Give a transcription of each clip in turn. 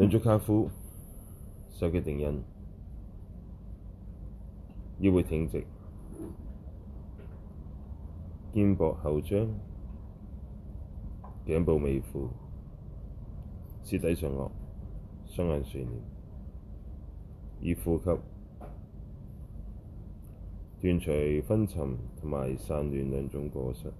兩隻跏趺，手腳定印，腰背挺直，肩膊後張，頸部微負，舌抵上顎，雙眼垂念，以呼吸斷除昏沉同埋散亂兩種過失。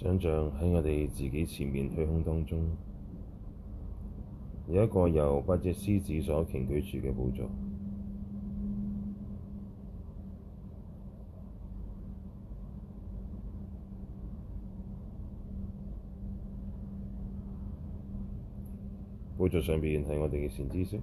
想像喺我哋自己前面虛空當中，有一個由八隻獅子所擎舉住嘅寶座。寶座上面係我哋嘅善知識。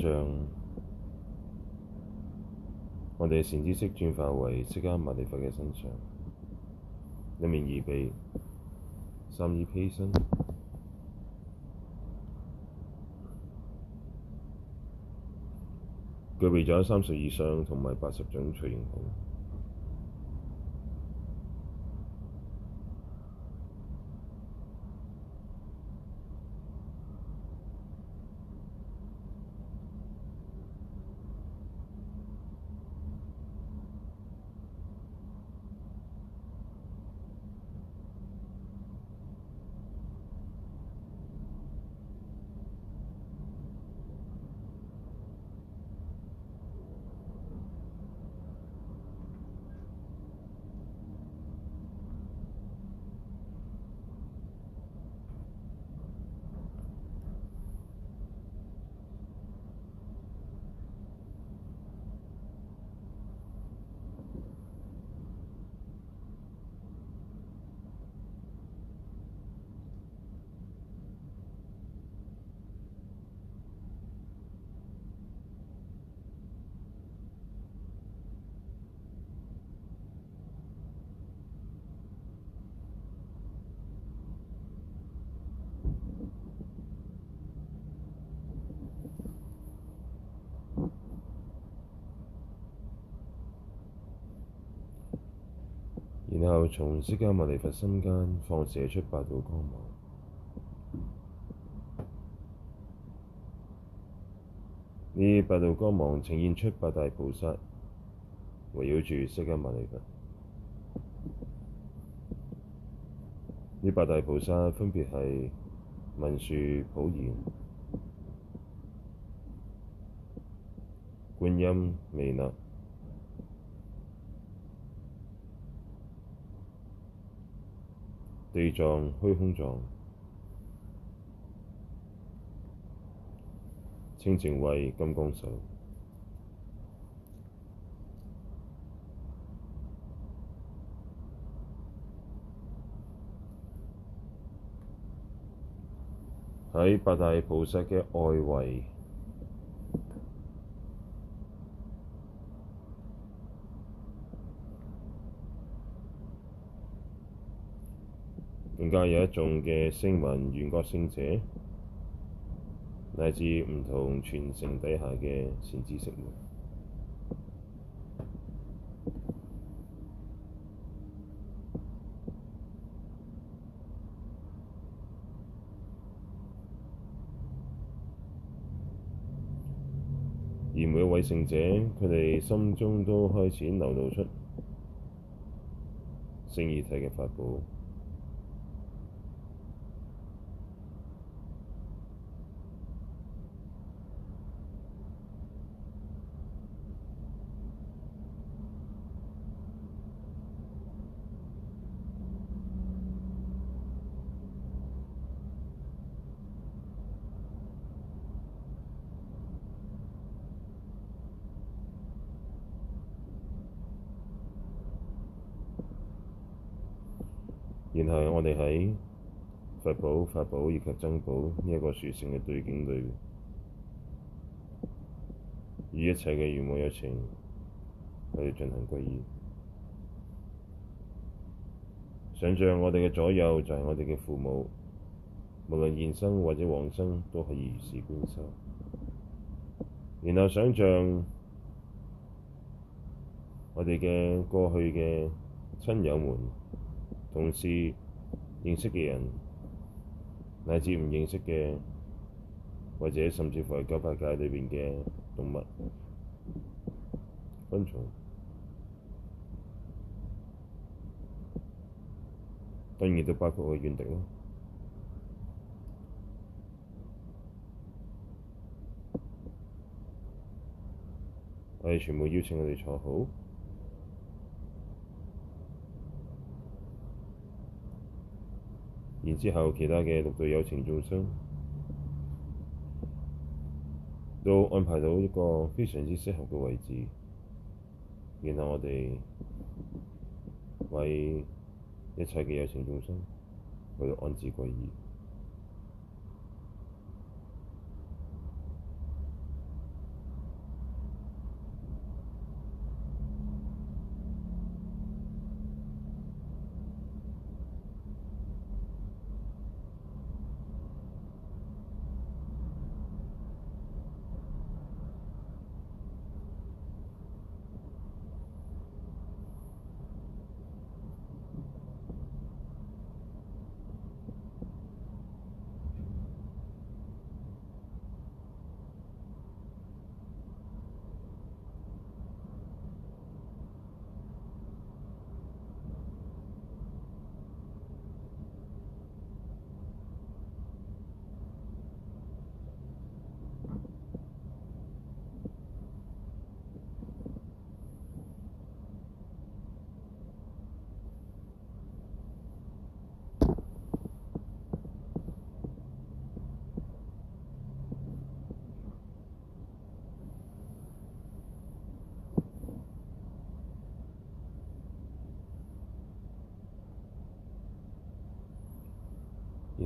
像我哋嘅善知識轉化為釋迦牟尼佛嘅身上，一面二臂，三衣披身，具備咗三十二相同埋八十種隨形好。然後，從釋迦牟尼佛身間放射出八道光芒。呢八道光芒呈現出八大菩薩，圍繞住釋迦牟尼佛。呢八大菩薩分別係文殊、普賢、觀音、彌勒。地藏、虛空藏、清淨慧、金剛手，喺八大菩薩嘅外圍。更加有一眾嘅聲聞緣覺聖者，乃至唔同傳承底下嘅善知識們，而每一位聖者，佢哋心中都開始流露出勝義諦嘅法寶。我哋喺佛寶、法寶以及僧寶呢一個殊勝嘅對境裏，與一切嘅如母、有情去進行歸依。想像我哋嘅左右就係我哋嘅父母，無論現生或者往生都可以如是觀修。然後想像我哋嘅過去嘅親友們、同事。認識嘅人，乃至唔認識嘅，或者甚至乎係九界界裏面嘅動物、昆蟲，當然都包括我嘅怨敵咯。我哋全部邀請佢哋坐好。然之後，其他嘅六對有情眾生都安排到一個非常之適合嘅位置，然後我哋為一切嘅有情眾生去到安置歸依。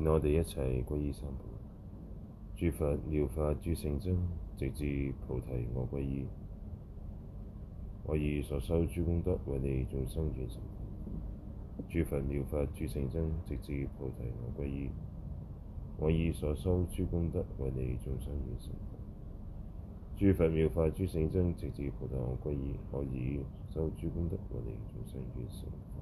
我哋一齊皈依三寶，諸佛妙法諸聖僧，直至菩提我歸依，我以所修諸功德，為利眾生願成佛。諸佛妙法諸聖僧，直至菩提我歸依，我以所修諸功德，為利眾生願成佛。諸佛妙法諸聖僧，直至菩提我歸依，我以所修諸功德，為利眾生願成佛。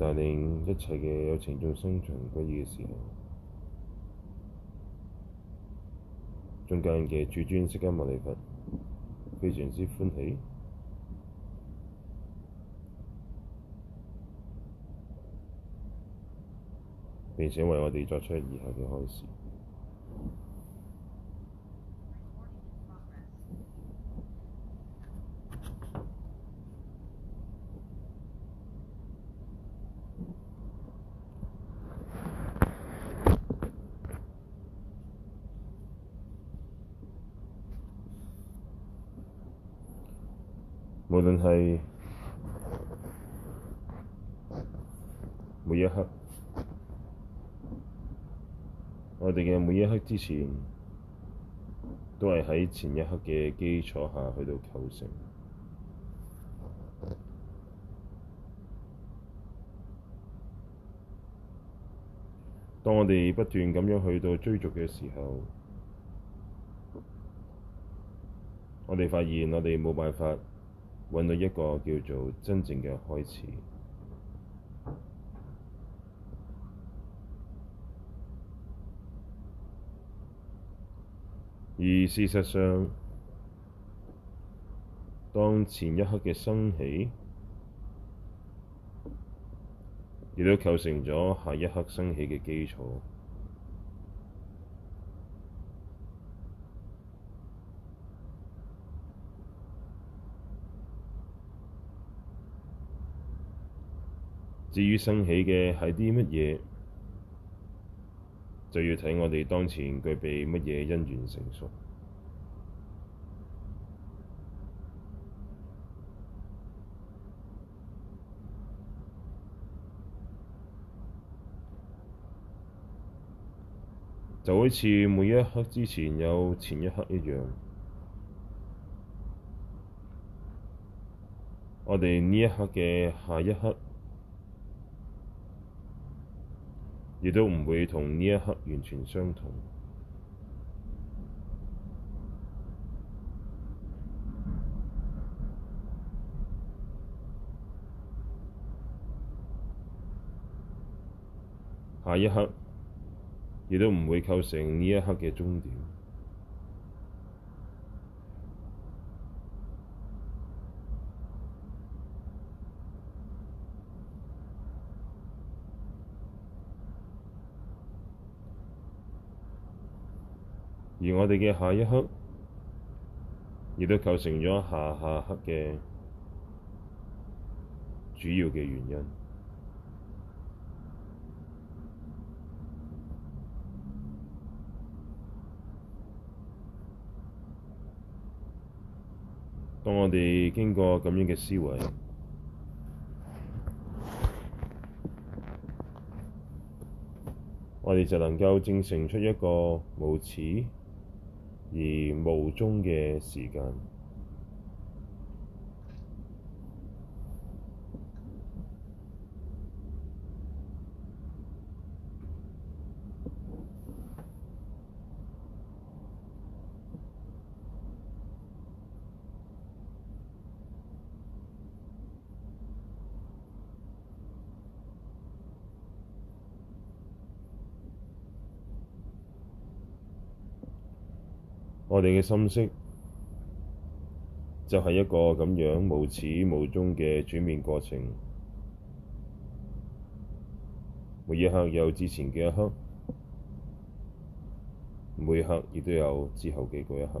帶領一切嘅有情眾生長不意嘅時候，中間嘅主尊釋迦牟尼佛非常之歡喜，並且為我哋作出以下嘅開示。無論係每一刻，我哋嘅每一刻之前，都係喺前一刻嘅基礎下去到構成。當我哋不斷咁樣去到追逐嘅時候，我哋發現我哋冇辦法。搵到一個叫做真正嘅開始，而事實上，當前一刻嘅升起，亦都構成咗下一刻升起嘅基礎。至於生起嘅係啲乜嘢，就要睇我哋當前具備乜嘢因緣成熟，就好似每一刻之前有前一刻一樣，我哋呢一刻嘅下一刻。亦都唔會同呢一刻完全相同，下一刻亦都唔會構成呢一刻嘅終點。而我哋嘅下一刻，亦都構成咗下下刻嘅主要嘅原因。當我哋經過咁樣嘅思維，我哋就能夠證成出一個無恥。而無中嘅時間。我哋嘅心識就係、是、一個咁樣無始無終嘅轉變過程，每一刻有之前嘅一刻，每一刻亦都有之後嘅嗰一刻，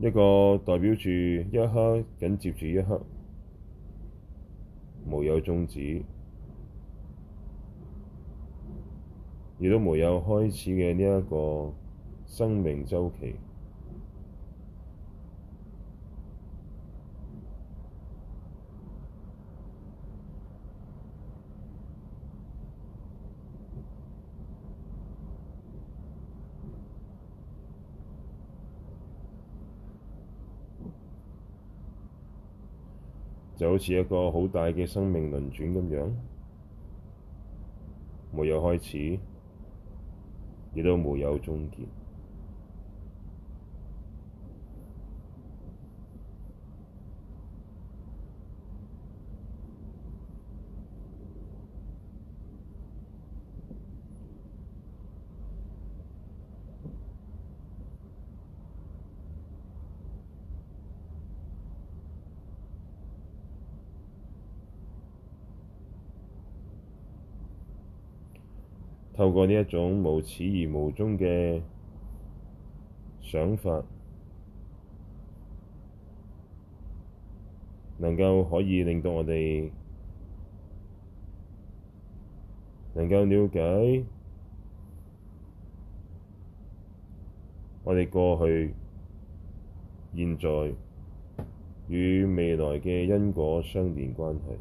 一個代表住一刻緊接住一刻。沒有終止，亦都沒有開始嘅呢一個生命週期。就好似一個好大嘅生命輪轉咁樣，沒有開始，亦都沒有終結。透過呢一種無始而無終嘅想法，能夠可以令到我哋能夠了解我哋過去、現在與未來嘅因果相連關係。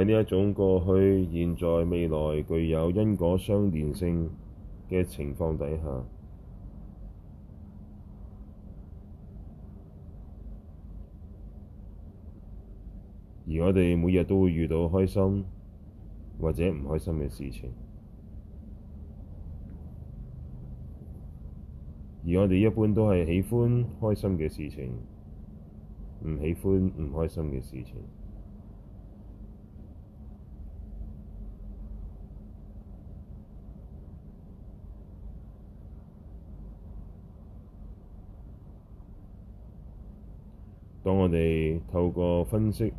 喺呢一種過去、現在、未來具有因果相連性嘅情況底下，而我哋每日都會遇到開心或者唔開心嘅事情，而我哋一般都係喜歡開心嘅事情，唔喜歡唔開心嘅事情。當我哋透過分析，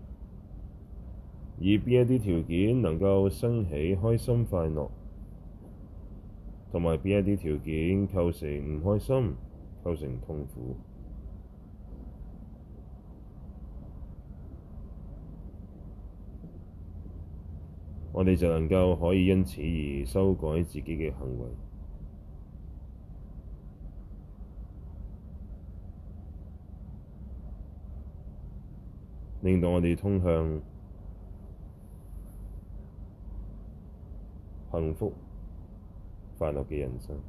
以邊一啲條件能夠升起開心快樂，同埋邊一啲條件構成唔開心、構成痛苦，我哋就能夠可以因此而修改自己嘅行為。令到我哋通向幸福、快樂嘅人生。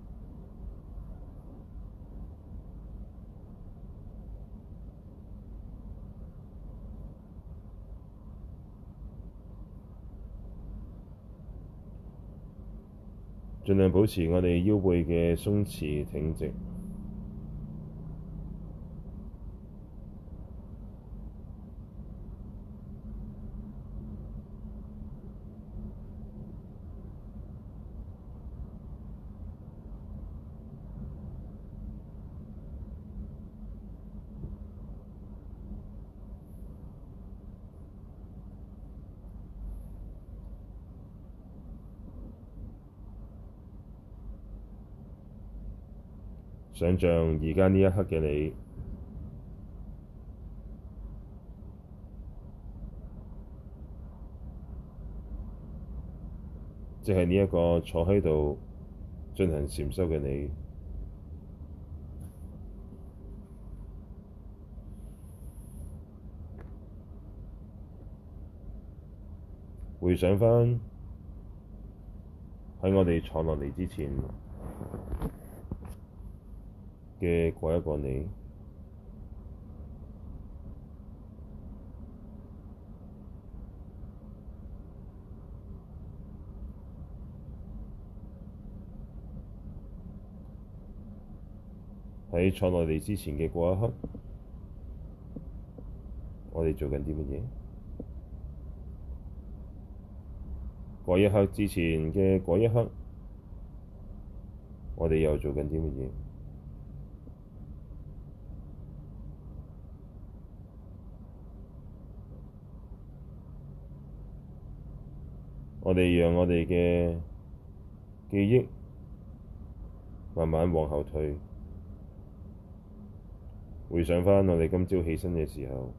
盡量保持我哋腰背嘅鬆弛、挺直。想像而家呢一刻嘅你，即係呢一個坐喺度進行禪修嘅你，回想翻喺我哋坐落嚟之前嘅嗰一個你喺坐落嚟之前嘅嗰一刻，我哋做緊啲乜嘢？嗰一刻之前嘅嗰一刻，我哋又做緊啲乜嘢？我哋讓我哋嘅記憶慢慢往後退，回想返我哋今朝起身嘅時候，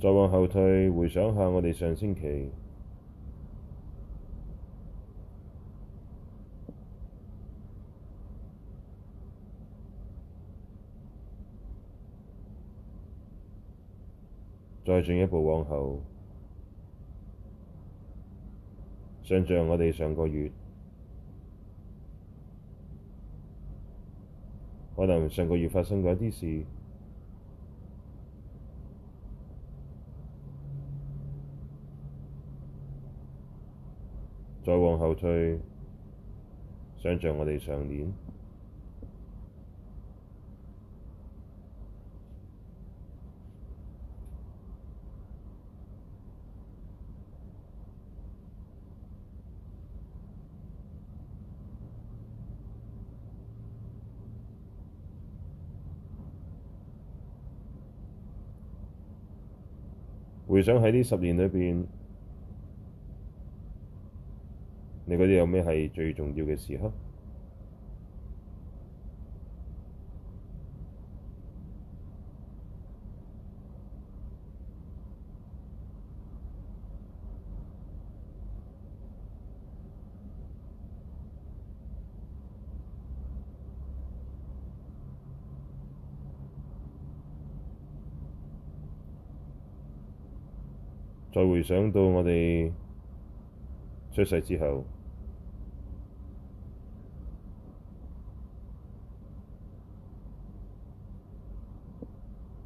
再往後退，回想下我哋上星期。再進一步往後，想像我哋上個月，可能上個月發生咗一啲事。再往後退，想像我哋上年。回想喺呢十年裏邊，你覺得有咩係最重要嘅時刻？再回想到我哋出世之後，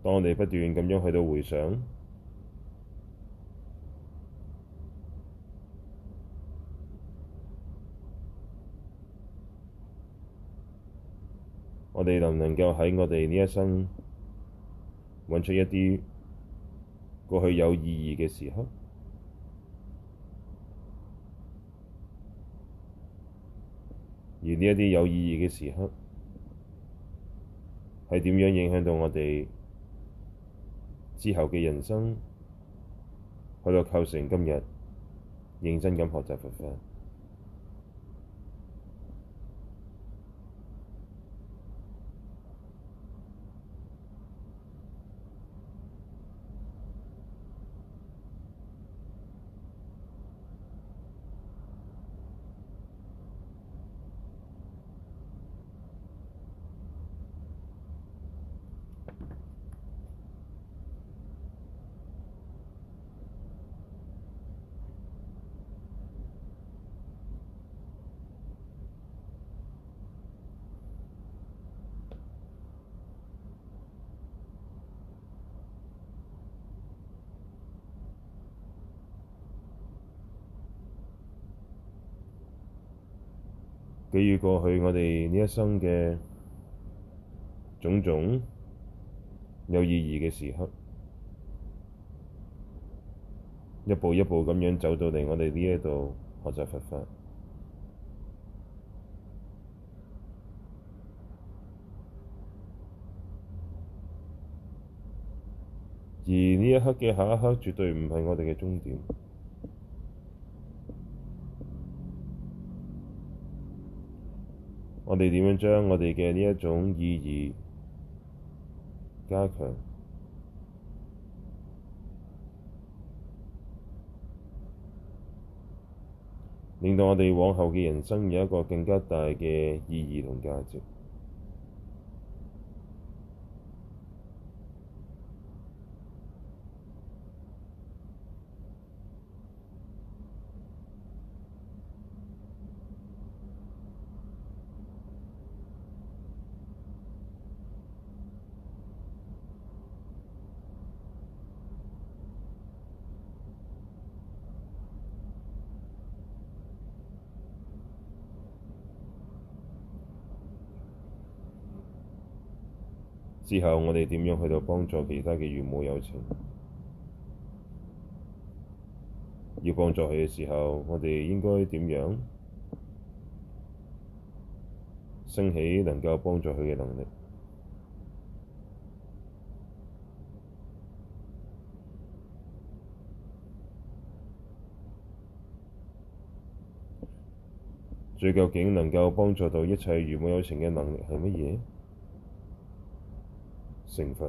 當我哋不斷咁樣去到回想，我哋能唔能夠喺我哋呢一生揾出一啲？過去有意義嘅時刻，而呢一啲有意義嘅時刻，係點樣影響到我哋之後嘅人生，去到構成今日認真咁學習佛法？記住過去我哋呢一生嘅種種有意義嘅時刻，一步一步咁樣走到嚟我哋呢一度學習佛法，而呢一刻嘅下一刻絕對唔係我哋嘅終點。我哋點樣將我哋嘅呢一種意義加強，令到我哋往後嘅人生有一個更加大嘅意義同價值。之後，我哋點樣去到幫助其他嘅如母有情？要幫助佢嘅時候，我哋應該點樣升起能夠幫助佢嘅能力？最究竟能夠幫助到一切如母有情嘅能力係乜嘢？成佛，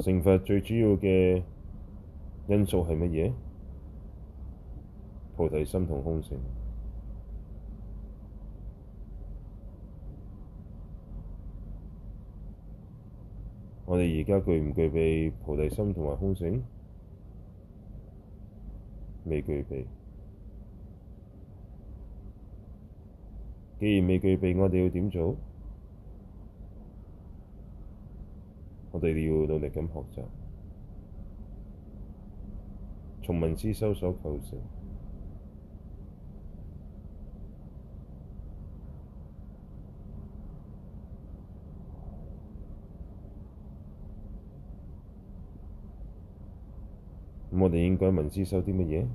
成佛最主要嘅因素係乜嘢？菩提心同空性。我哋而家具唔具備菩提心同埋空性？未具備。既然未具備，我哋要點做？我哋要努力咁學習，從聞思修所構成。咁我哋應該聞思修啲乜嘢？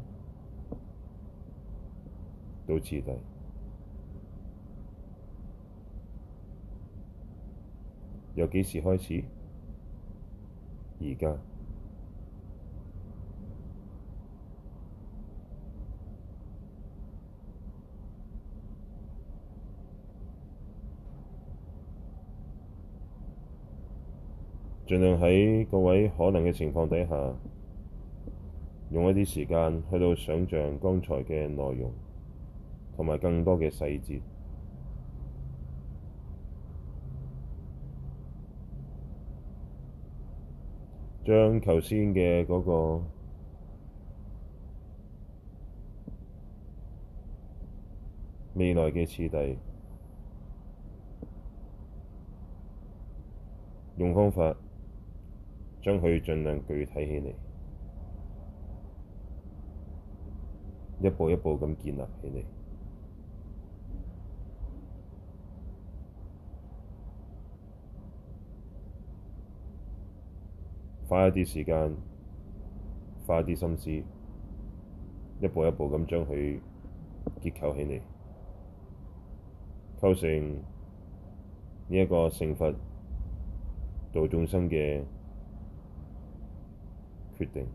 到此地。由幾時開始？而家，盡量喺各位可能嘅情況底下，用一啲時間去到想像剛才嘅內容，同埋更多嘅細節。將頭先嘅嗰個未來嘅次第，用方法將佢盡量具體起嚟，一步一步咁建立起嚟。花一啲時間，花一啲心思，一步一步咁將佢結構起嚟，構成呢一個成佛度眾生嘅決定。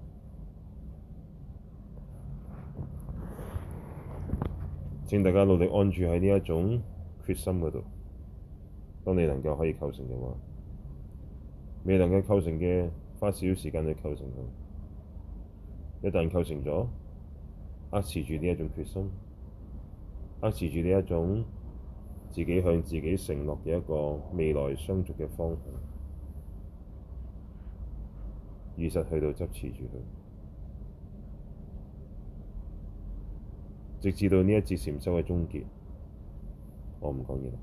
請大家努力安住喺呢一種決心嗰度。當你能夠可以構成嘅話，未能夠構成嘅。花少少時間去構成佢，一旦構成咗，扼持住呢一種決心，扼持住呢一種自己向自己承諾嘅一個未來相續嘅方向，如實去到執持住佢，直至到呢一節禪修嘅終結，我唔講嘢啦。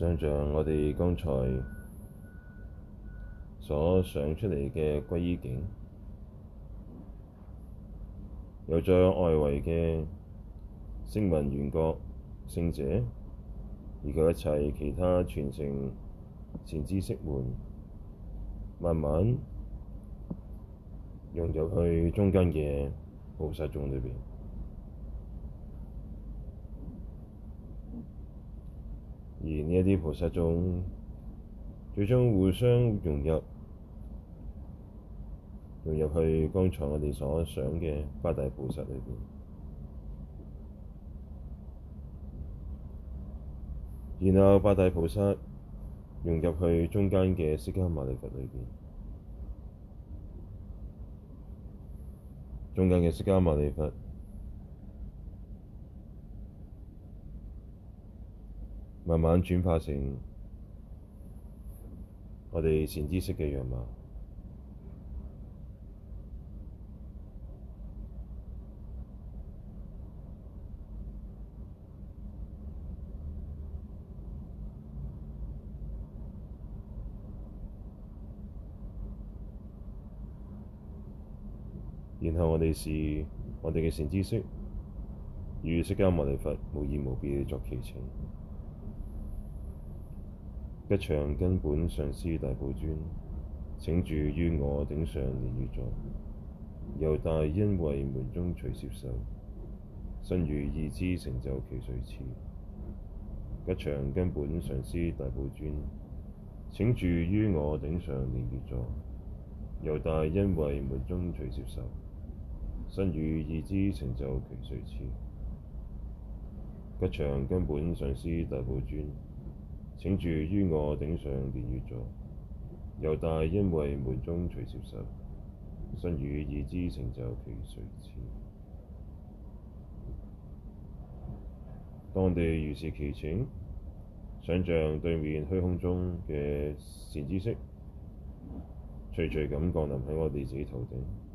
想象我哋剛才所想出嚟嘅歸依境，有將外圍嘅聲聞緣覺聖者，以及一切其他傳承善知識門，慢慢融入去中間嘅菩薩眾裏面。一啲菩薩眾，最終互相融入，融入去剛才我哋所想嘅八大菩薩裏邊。然後八大菩薩融入去中間嘅釋迦牟尼佛裏邊，中間嘅釋迦牟尼佛，慢慢轉化成我哋善知識嘅樣貌，然後我哋視我哋嘅善知識，與釋迦牟尼佛無二無別地作祈請。吉祥根本上師大寶尊，請住於我頂上蓮月座。由大恩惠門中取接受，身語意之成就其隨次。吉祥根本上師大寶尊，請住於我頂上蓮月座。由大恩惠門中取接受，身語意之成就其隨次。吉祥根本上師大寶尊。請住於我頂上年月座，由大因位門中垂接受，身語意之成就其誰前。當地如是其前，想像對面虛空中嘅善知識，徐徐咁降落喺我哋自己頭頂。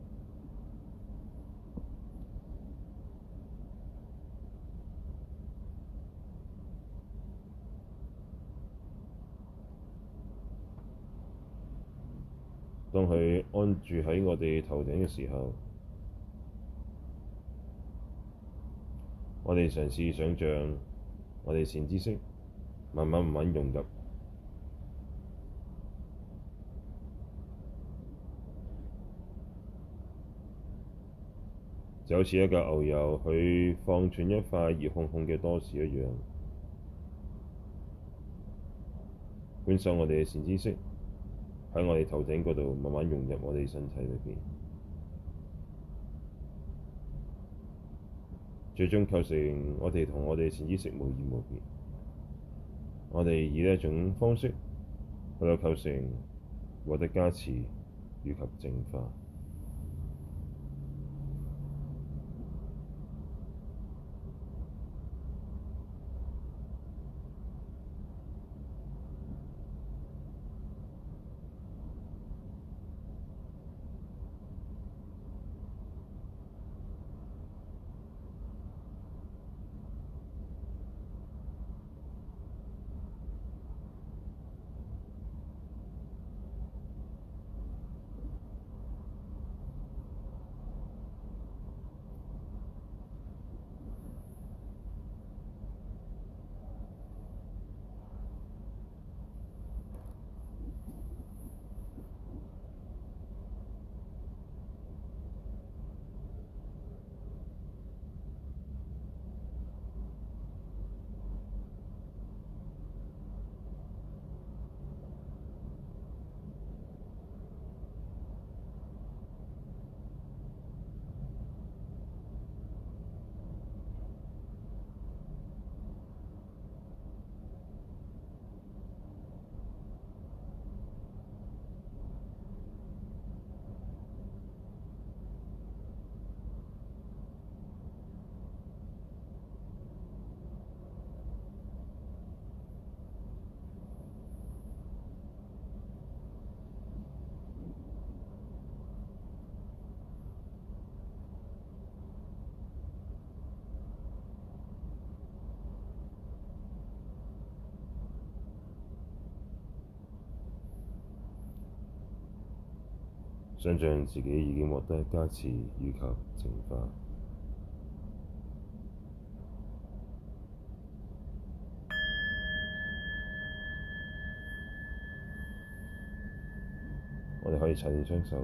當佢安住喺我哋頭頂嘅時候，我哋嘗試想像，我哋善知識慢慢慢慢融入，就好似一嚿牛油，佢放進一塊熱烘烘嘅多士一樣，觀想我哋嘅善知識。喺我哋頭頂嗰度慢慢融入我哋身體裏邊，最終構成我哋同我哋潛意識無二無別。我哋以一種方式去到構成獲得加持以及淨化。想象自己已經獲得加持以及淨化， 我哋可以踩掂雙手。